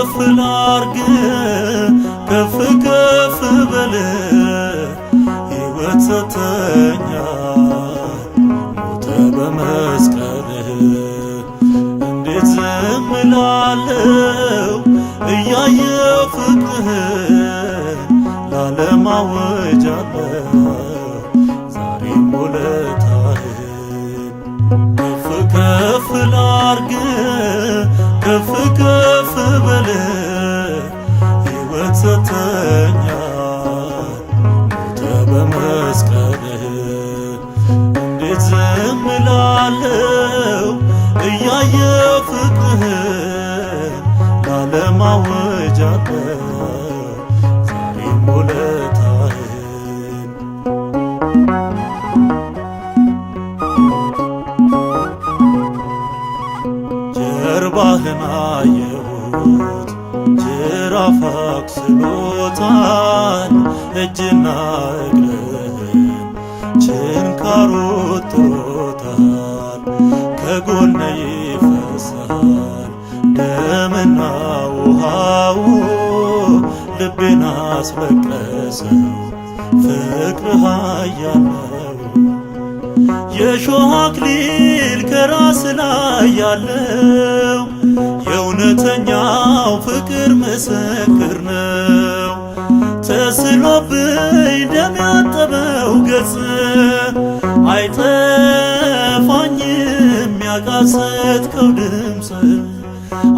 ከፍ ላርግ ከፍ ከፍ በል ሕይወት ሞተ በመስቀልህ እንዴት ዝም ላለው እያየው ፍቅርህ ላለም አወጃለሁ ዛሬም ከፍ ከፍ ላር በህልም አየሁት ጅራፍ አቁስሎታል እጅና እግርን ችንካሩ ጥሮታል ከጎነ ይፈሳል ደምና ውሃው ልቤን አስለቀሰው ፍቅር ኃያል የሾህ አክሊል ከራስ ላይ ያለው እውነተኛው ፍቅር ምስክር ነው። ተስሎብኝ ደም ያጠበው ገጽ አይጠፋኝም ያቃሰትከው ድምፅ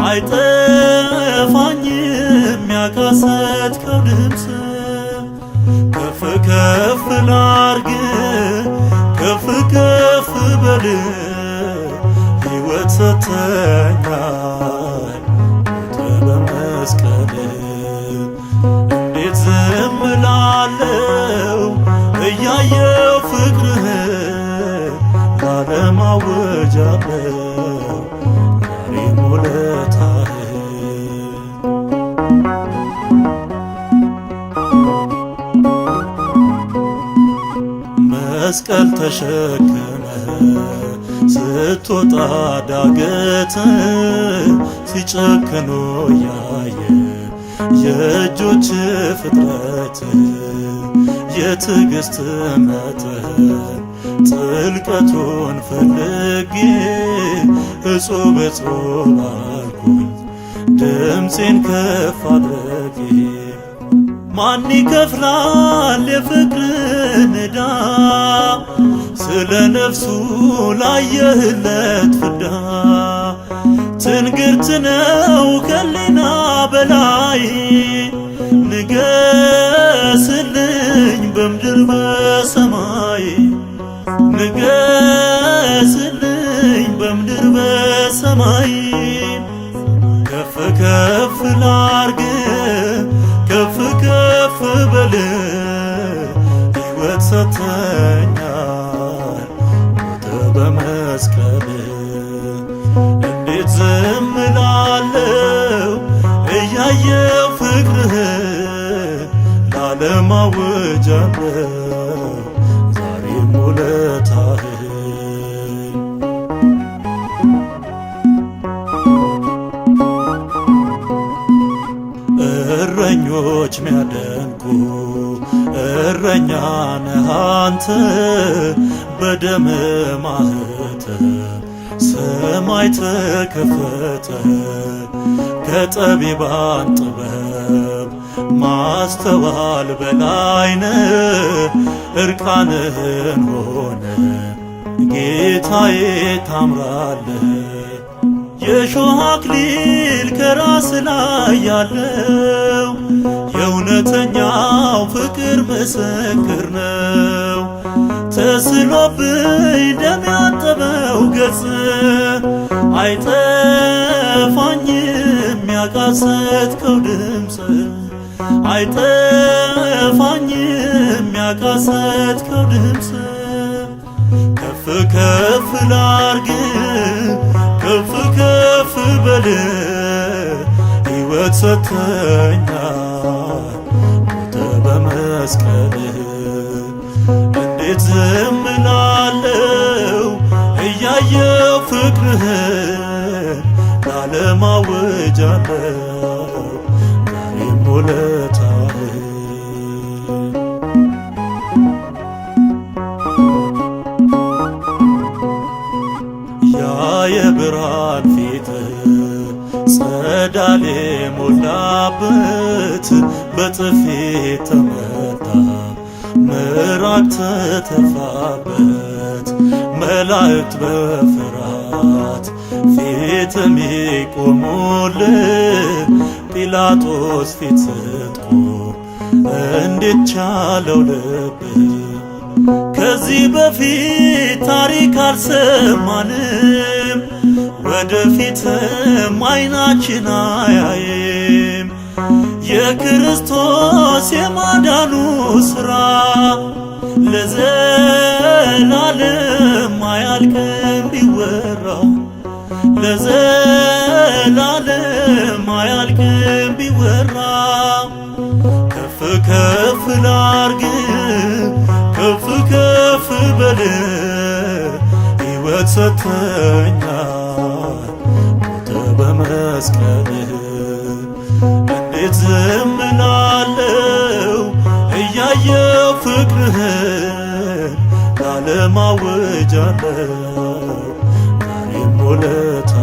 አይጠፋኝም ያቃሰትከው ድምፅ ከፍ ከፍ ላርግ ከፍ ከፍ በል ሕይወት ሰተኛ መስቀል ተሸክመህ ስትወጣ ዳገት ሲጨክኖ ያየ የእጆች ፍጥረት የትዕግስት መጠን ጥልቀቱን ፈልጌ እጹብ እጹብ አልኩኝ ድምፄን ከፍ አድረ ማን ይከፍላል የፍቅርን ዕዳ ስለ ነፍሱ ላየህለት ፍዳ ትንግርት ነው ከሊና በላይ ንገስልኝ በምድር በሰማይ ንገስልኝ በምድር በሰማይ ከፍ ከፍ ላርግ ቃል ሕይወት ሰተኛል ሞተ በመስቀል እንዴት ዝም ላለው እያየው ፍቅርህ ለዓለም አውጃለው ዛሬም ውለታህ እረኞች ሚያደ እረኛ ነህ አንተ በደም ማህተብ ሰማይ ተከፈተ ከጠቢባን ጥበብ ማስተዋል በላይነ እርቃንህን ሆነ ጌታዬ ታምራለ የሾህ አክሊል ከራስ ላይ ያለው ፍቅር ምስክር ነው። ተስሎብኝ ደም ያጠበው ገጽ አይጠፋኝም ያቃሰትከው ድምፅ አይጠፋኝም ያቃሰትከው ድምፅ ከፍ ከፍ ላርግ ከፍ ከፍ በል ሕይወት ሰተኛ መስቀልህ እንዴት ዝም እላለሁ እያየው ፍቅርህን ለዓለም አውጃለሁ ዛሬም ውለታህን ያ የብርሃን ፊት ጸዳል ሞላበት! በጥፊ ተመ ምራቅ ተተፋበት መላእክት በፍርሃት ፊት የሚቆሙልህ ጲላጦስ ፊት ስትቆም እንዴት ቻለው ከዚህ በፊት ታሪክ አልሰማንም፣ ወደፊትም አይናችን አያይም። የክርስቶስ የማዳኑ ሥራ ለዘላለም አያልቅም ቢወራ ለዘላለም እለምናለው እያየው ፍቅርህን ላለማወጃለው ዛሬም ውለታ